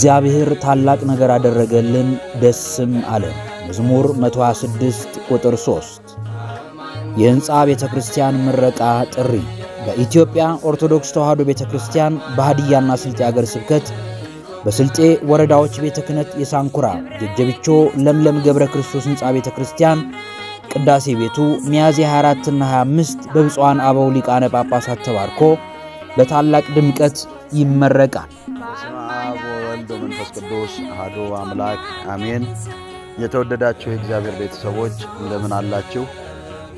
እግዚአብሔር ታላቅ ነገር አደረገልን ደስም አለን። መዝሙር 126 ቁጥር 3 የሕንፃ ቤተ ክርስቲያን ምረቃ ጥሪ በኢትዮጵያ ኦርቶዶክስ ተዋሕዶ ቤተ ክርስቲያን በሃዲያና ስልጤ አገር ስብከት በስልጤ ወረዳዎች ቤተ ክህነት የሳንኩራ ጀጀብቾ ለምለም ገብረ ክርስቶስ ሕንፃ ቤተ ክርስቲያን ቅዳሴ ቤቱ ሚያዝያ 24ና 25 በብፁዓን አበው ሊቃነ ጳጳሳት ተባርኮ በታላቅ ድምቀት ይመረቃል። መንፈስ ቅዱስ አህዶ አምላክ አሜን። የተወደዳችሁ የእግዚአብሔር ቤተሰቦች እንደምን አላችሁ?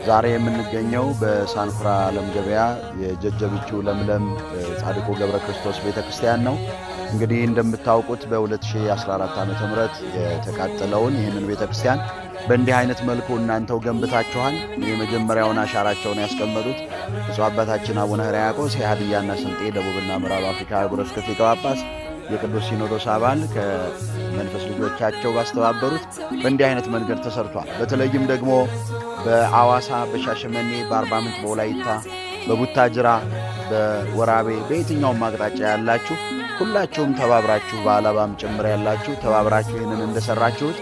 ዛሬ የምንገኘው በሳንኩራ ዓለም ገበያ የጀጀብቹ ለምለም ጻድቁ ገብረ ክርስቶስ ቤተ ክርስቲያን ነው። እንግዲህ እንደምታውቁት በ2014 ዓ ም የተቃጠለውን ይህንን ቤተ ክርስቲያን በእንዲህ አይነት መልኩ እናንተው ገንብታችኋል። የመጀመሪያውን አሻራቸውን ያስቀመጡት ብፁዕ አባታችን አቡነ ሕርያቆስ የሀድያና ስልጤ ደቡብና ምዕራብ አፍሪካ አህጉረ ስብከት ሊቀ ጳጳስ የቅዱስ ሲኖዶስ አባል ከመንፈስ ልጆቻቸው ባስተባበሩት በእንዲህ አይነት መንገድ ተሰርቷል። በተለይም ደግሞ በአዋሳ፣ በሻሸመኔ፣ በአርባ ምንጭ፣ በወላይታ፣ በቡታጅራ፣ በወራቤ በየትኛውም አቅጣጫ ያላችሁ ሁላችሁም ተባብራችሁ በአላባም ጭምር ያላችሁ ተባብራችሁ ይህንን እንደሰራችሁት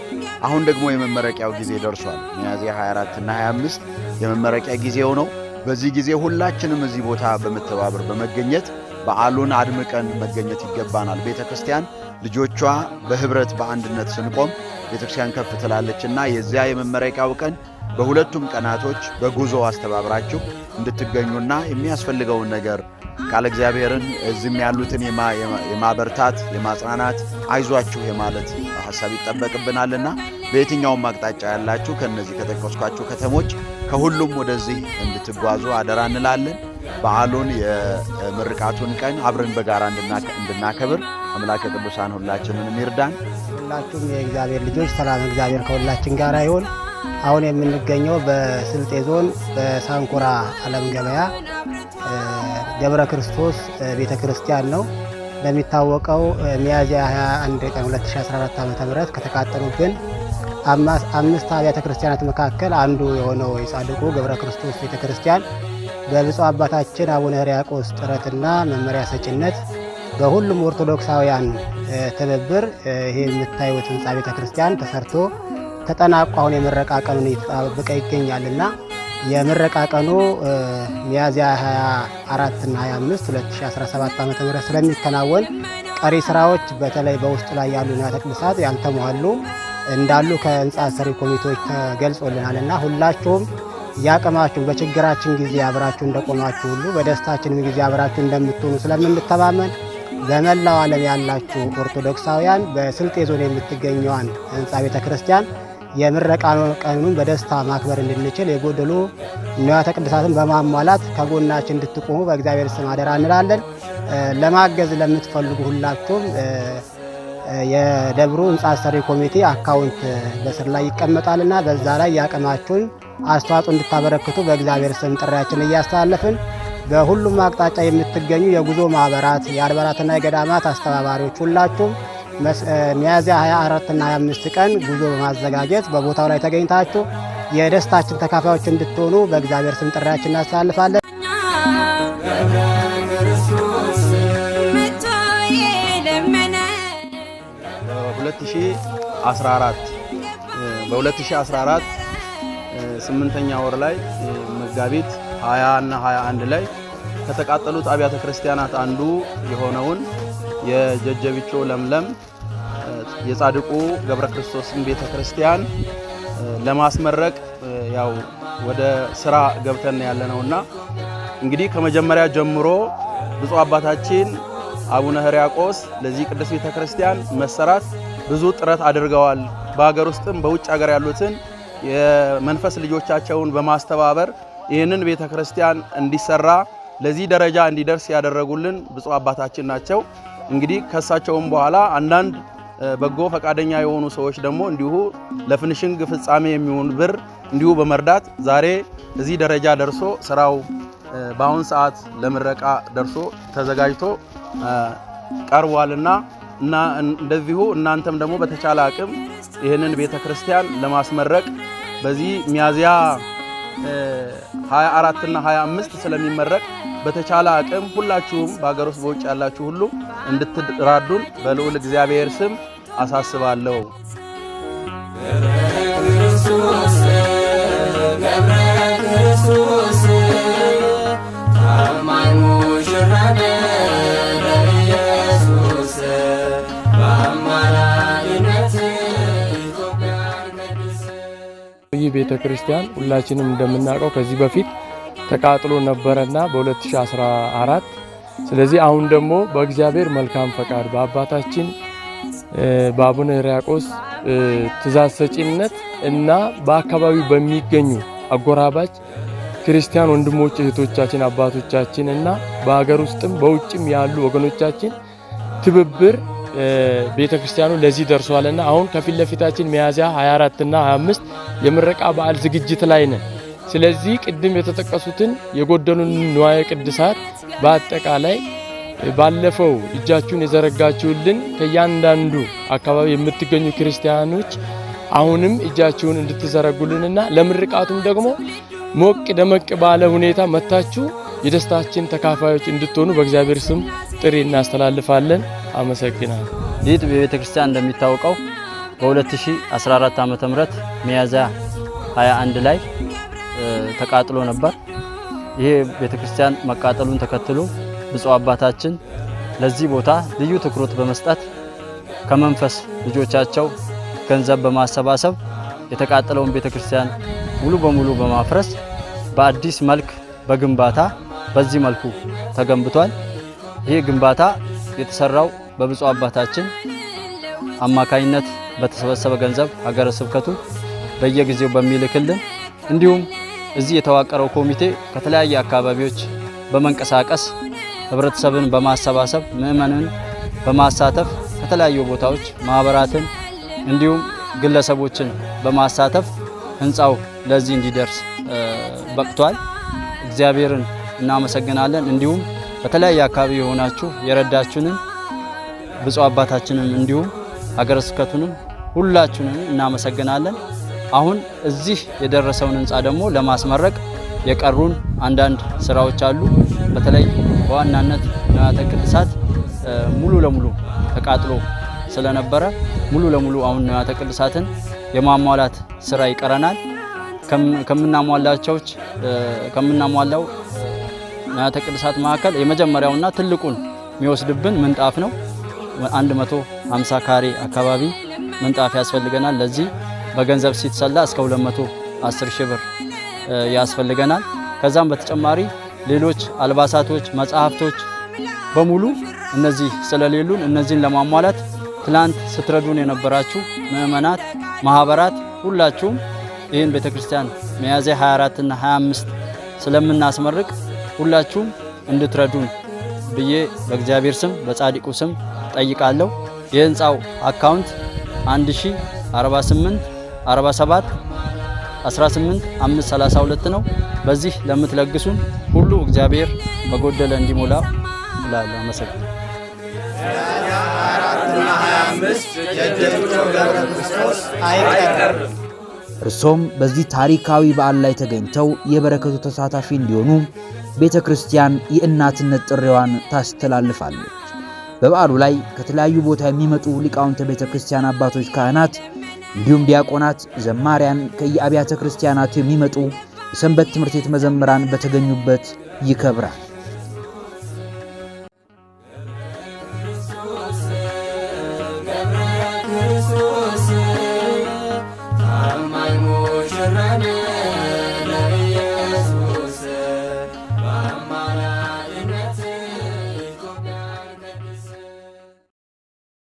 አሁን ደግሞ የመመረቂያው ጊዜ ደርሷል። ሚያዝያ 24 እና 25 የመመረቂያ ጊዜው ነው። በዚህ ጊዜ ሁላችንም እዚህ ቦታ በመተባበር በመገኘት በዓሉን አድምቀን መገኘት ይገባናል። ቤተ ክርስቲያን ልጆቿ በህብረት በአንድነት ስንቆም ቤተ ክርስቲያን ከፍ ትላለችና የዚያ የመመረቂያው ቀን በሁለቱም ቀናቶች በጉዞ አስተባብራችሁ እንድትገኙና የሚያስፈልገውን ነገር ቃል እግዚአብሔርን እዚህም ያሉትን የማበርታት የማጽናናት አይዟችሁ የማለት ሀሳብ ይጠበቅብናልና በየትኛውም አቅጣጫ ያላችሁ ከእነዚህ ከጠቀስኳችሁ ከተሞች ከሁሉም ወደዚህ እንድትጓዙ አደራ እንላለን። በዓሉን የምርቃቱን ቀን አብረን በጋራ እንድናከብር አምላከ ቅዱሳን ሁላችንን ይርዳን። ሁላችሁም የእግዚአብሔር ልጆች ሰላም እግዚአብሔር ከሁላችን ጋር ይሁን። አሁን የምንገኘው በስልጤ ዞን በሳንኩራ ዓለም ገበያ ገብረ ክርስቶስ ቤተ ክርስቲያን ነው። እንደሚታወቀው ሚያዝያ 21 ቀን 2014 ዓ ም ከተቃጠሉብን አምስት አብያተ ክርስቲያናት መካከል አንዱ የሆነው የጻድቁ ገብረ ክርስቶስ ቤተ ክርስቲያን በብፁዕ አባታችን አቡነ ሕርያቆስ ጥረትና መመሪያ ሰጭነት በሁሉም ኦርቶዶክሳውያን ትብብር ይህ የምታዩት ህንፃ ቤተ ክርስቲያን ተሰርቶ ተጠናቆ አሁን የምረቃ ቀኑን እየተጠባበቀ ይገኛልና የምረቃ ቀኑ ሚያዝያ 24 እና 25 2017 ዓ ም ስለሚከናወን ቀሪ ስራዎች በተለይ በውስጡ ላይ ያሉ ንዋያተ ቅድሳት ያልተሟሉ እንዳሉ ከህንፃ ሰሪ ኮሚቴዎች ተገልጾልናል ተገልጾልናልና ሁላችሁም ያቅማችሁ በችግራችን ጊዜ አብራችሁ እንደቆማችሁ ሁሉ በደስታችንም ጊዜ አብራችሁ እንደምትሆኑ ስለምንተማመን በመላው ዓለም ያላችሁ ኦርቶዶክሳውያን በስልጤ ዞን የምትገኘዋን ህንፃ ቤተ ክርስቲያን የምረቃ ቀኑን በደስታ ማክበር እንድንችል የጎደሉ ንዋያተ ቅድሳትን በማሟላት ከጎናችን እንድትቆሙ በእግዚአብሔር ስም አደራ እንላለን። ለማገዝ ለምትፈልጉ ሁላችሁም የደብሩ ህንፃ ሰሪ ኮሚቴ አካውንት በስር ላይ ይቀመጣልና በዛ ላይ ያቅማችሁን አስተዋጽኦ እንድታበረክቱ በእግዚአብሔር ስም ጥሪያችን እያስተላለፍን በሁሉም አቅጣጫ የምትገኙ የጉዞ ማህበራት የአድባራትና የገዳማት አስተባባሪዎች ሁላችሁም ሚያዝያ 24ና 25 ቀን ጉዞ በማዘጋጀት በቦታው ላይ ተገኝታችሁ የደስታችን ተካፋዮች እንድትሆኑ በእግዚአብሔር ስም ጥሪያችን እናስተላልፋለን። በ2014 ስምንተኛ ወር ላይ መጋቢት 20 እና 21 ላይ ከተቃጠሉት አብያተ ክርስቲያናት አንዱ የሆነውን የጀጀቢቾ ለምለም የጻድቁ ገብረ ክርስቶስን ቤተ ክርስቲያን ለማስመረቅ ያው ወደ ስራ ገብተን ያለ ነውና እንግዲህ ከመጀመሪያ ጀምሮ ብፁዕ አባታችን አቡነ ሕርያቆስ ለዚህ ቅዱስ ቤተ ክርስቲያን መሰራት ብዙ ጥረት አድርገዋል። በሀገር ውስጥም በውጭ ሀገር ያሉትን የመንፈስ ልጆቻቸውን በማስተባበር ይህንን ቤተ ክርስቲያን እንዲሰራ ለዚህ ደረጃ እንዲደርስ ያደረጉልን ብፁዕ አባታችን ናቸው። እንግዲህ ከሳቸውም በኋላ አንዳንድ በጎ ፈቃደኛ የሆኑ ሰዎች ደግሞ እንዲሁ ለፍንሽንግ ፍጻሜ የሚሆን ብር እንዲሁ በመርዳት ዛሬ እዚህ ደረጃ ደርሶ ስራው በአሁን ሰዓት ለምረቃ ደርሶ ተዘጋጅቶ ቀርቧልና እና እንደዚሁ እናንተም ደግሞ በተቻለ አቅም ይህንን ቤተ ክርስቲያን ለማስመረቅ በዚህ ሚያዝያ 24 እና 25 ስለሚመረቅ በተቻለ አቅም ሁላችሁም በሀገር ውስጥ በውጭ ያላችሁ ሁሉ እንድትራዱን በልዑል እግዚአብሔር ስም አሳስባለሁ። ቤተ ክርስቲያን ሁላችንም እንደምናውቀው ከዚህ በፊት ተቃጥሎ ነበረና በ2014 ስለዚህ አሁን ደግሞ በእግዚአብሔር መልካም ፈቃድ በአባታችን በአቡነ ሕርያቆስ ትእዛዝ ሰጪነት እና በአካባቢው በሚገኙ አጎራባች ክርስቲያን ወንድሞች እህቶቻችን፣ አባቶቻችን እና በሀገር ውስጥም በውጭም ያሉ ወገኖቻችን ትብብር ቤተ ክርስቲያኑ ለዚህ ደርሷልና አሁን ከፊት ለፊታችን ሚያዝያ 24 እና 25 የምረቃ በዓል ዝግጅት ላይ ነን። ስለዚህ ቅድም የተጠቀሱትን የጎደሉን ንዋየ ቅድሳት በአጠቃላይ ባለፈው እጃችሁን የዘረጋችሁልን ከእያንዳንዱ አካባቢ የምትገኙ ክርስቲያኖች አሁንም እጃችሁን እንድትዘረጉልንና ለምርቃቱም ደግሞ ሞቅ ደመቅ ባለ ሁኔታ መታችሁ የደስታችን ተካፋዮች እንድትሆኑ በእግዚአብሔር ስም ጥሪ እናስተላልፋለን። አመሰግናለሁ። ይህ ቤተ ክርስቲያን እንደሚታወቀው በ2014 ዓ.ም ሚያዝያ 21 ላይ ተቃጥሎ ነበር። ይሄ ቤተክርስቲያን መቃጠሉን ተከትሎ ብፁዕ አባታችን ለዚህ ቦታ ልዩ ትኩረት በመስጠት ከመንፈስ ልጆቻቸው ገንዘብ በማሰባሰብ የተቃጠለውን ቤተክርስቲያን ሙሉ በሙሉ በማፍረስ በአዲስ መልክ በግንባታ በዚህ መልኩ ተገንብቷል። ይህ ግንባታ የተሰራው በብፁዕ አባታችን አማካኝነት ። በተሰበሰበ ገንዘብ ሀገረ ስብከቱ በየጊዜው በሚልክልን እንዲሁም እዚህ የተዋቀረው ኮሚቴ ከተለያየ አካባቢዎች በመንቀሳቀስ ህብረተሰብን በማሰባሰብ ምእመንን በማሳተፍ ከተለያዩ ቦታዎች ማህበራትን እንዲሁም ግለሰቦችን በማሳተፍ ህንፃው ለዚህ እንዲደርስ በቅቷል። እግዚአብሔርን እናመሰግናለን። እንዲሁም በተለያየ አካባቢ የሆናችሁ የረዳችሁንን ብፁዕ አባታችንም እንዲሁም ሀገረ ስብከቱንም ሁላችሁንም እናመሰግናለን። አሁን እዚህ የደረሰውን ህንፃ ደግሞ ለማስመረቅ የቀሩን አንዳንድ ስራዎች አሉ። በተለይ በዋናነት ንዋያተ ቅድሳት ሙሉ ለሙሉ ተቃጥሎ ስለነበረ ሙሉ ለሙሉ አሁን ንዋያተ ቅድሳትን የማሟላት ስራ ይቀረናል። ከምናሟላቸውች ከምናሟላው ንዋያተ ቅድሳት መካከል የመጀመሪያውና ትልቁን የሚወስድብን ምንጣፍ ነው። 100 50 ካሬ አካባቢ ምንጣፍ ያስፈልገናል። ለዚህ በገንዘብ ሲተሰላ እስከ 210 ሺህ ብር ያስፈልገናል። ከዛም በተጨማሪ ሌሎች አልባሳቶች፣ መጽሐፍቶች በሙሉ እነዚህ ስለሌሉን እነዚህን ለማሟላት ትላንት ስትረዱን የነበራችሁ ምእመናት ማህበራት ሁላችሁም ይህን ቤተክርስቲያን ሚያዝያ 24 እና 25 ስለምናስመርቅ ሁላችሁም እንድትረዱን ብዬ በእግዚአብሔር ስም በጻድቁ ስም ጠይቃለሁ። የህንፃው አካውንት 1048 47 18 532 ነው። በዚህ ለምትለግሱን ሁሉ እግዚአብሔር በጎደለ እንዲሞላ ላለ አመሰግናለሁ። እርሶም በዚህ ታሪካዊ በዓል ላይ ተገኝተው የበረከቱ ተሳታፊ እንዲሆኑ ቤተ ክርስቲያን የእናትነት ጥሪዋን ታስተላልፋለች። በበዓሉ ላይ ከተለያዩ ቦታ የሚመጡ ሊቃውንተ ቤተ ክርስቲያን አባቶች፣ ካህናት እንዲሁም ዲያቆናት፣ ዘማሪያን ከየአብያተ ክርስቲያናቱ የሚመጡ የሰንበት ትምህርት ቤት መዘምራን በተገኙበት ይከብራል።